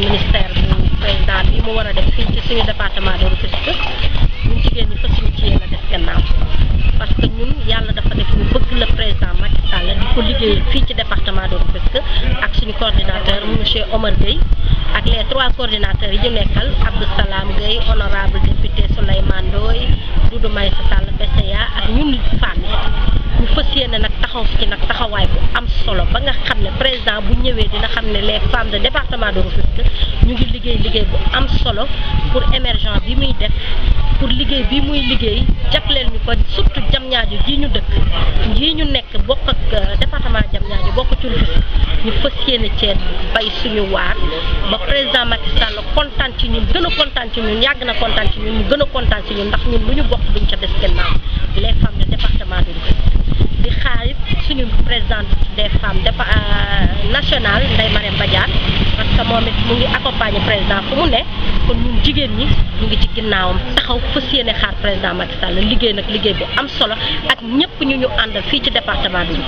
ministère bu président bi mu war a def fii ci suñu département de Rufisque ñun jigéen ñi fas def gannaaw parce que ñun yàlla dafa def ñu bëgg la président Macky Sall di ko liggéeyal fii ci département de Rufisque ak suñu coordinateur monsieur Omar Gueye ak les trois coordinateurs yi ñu nekkal Abdou Salam Gueye honorable député Souleymane taxaw fii nag taxawaay bu am solo ba nga xam ne président bu ñëwee dina xam ne les femmes de département de Rufisque ñu ngi liggéey liggéey bu am solo pour émergent bi muy def pour liggéey bi muy liggéey jàppaleel ñu ko surtout Diamniadio ji ñu dëkk yi ñu nekk bokk ak euh, département Diamniadio bokk ci Rufisque ñu fas yéene cee bay suñu waar ba président Macky Sall kontaan ci ñun gën a kontaan ci ñun yàgg na kontaan ci ñun ñu gën a kontaan ci ñun ndax ñun lu ñu bokk duñ ca des gannaaw présidente des femmes de euh, nationale Ndeye Marème Badiane parce que moom it mu ngi accompagner président fu mu ne kon ñun jigéen ñi mu ngi ci ginnaawam taxaw fas yéene xaar président Macky Sall liggéey nag liggéey bu am solo ak ñëpp ñu ñu àndal fii ci département bi.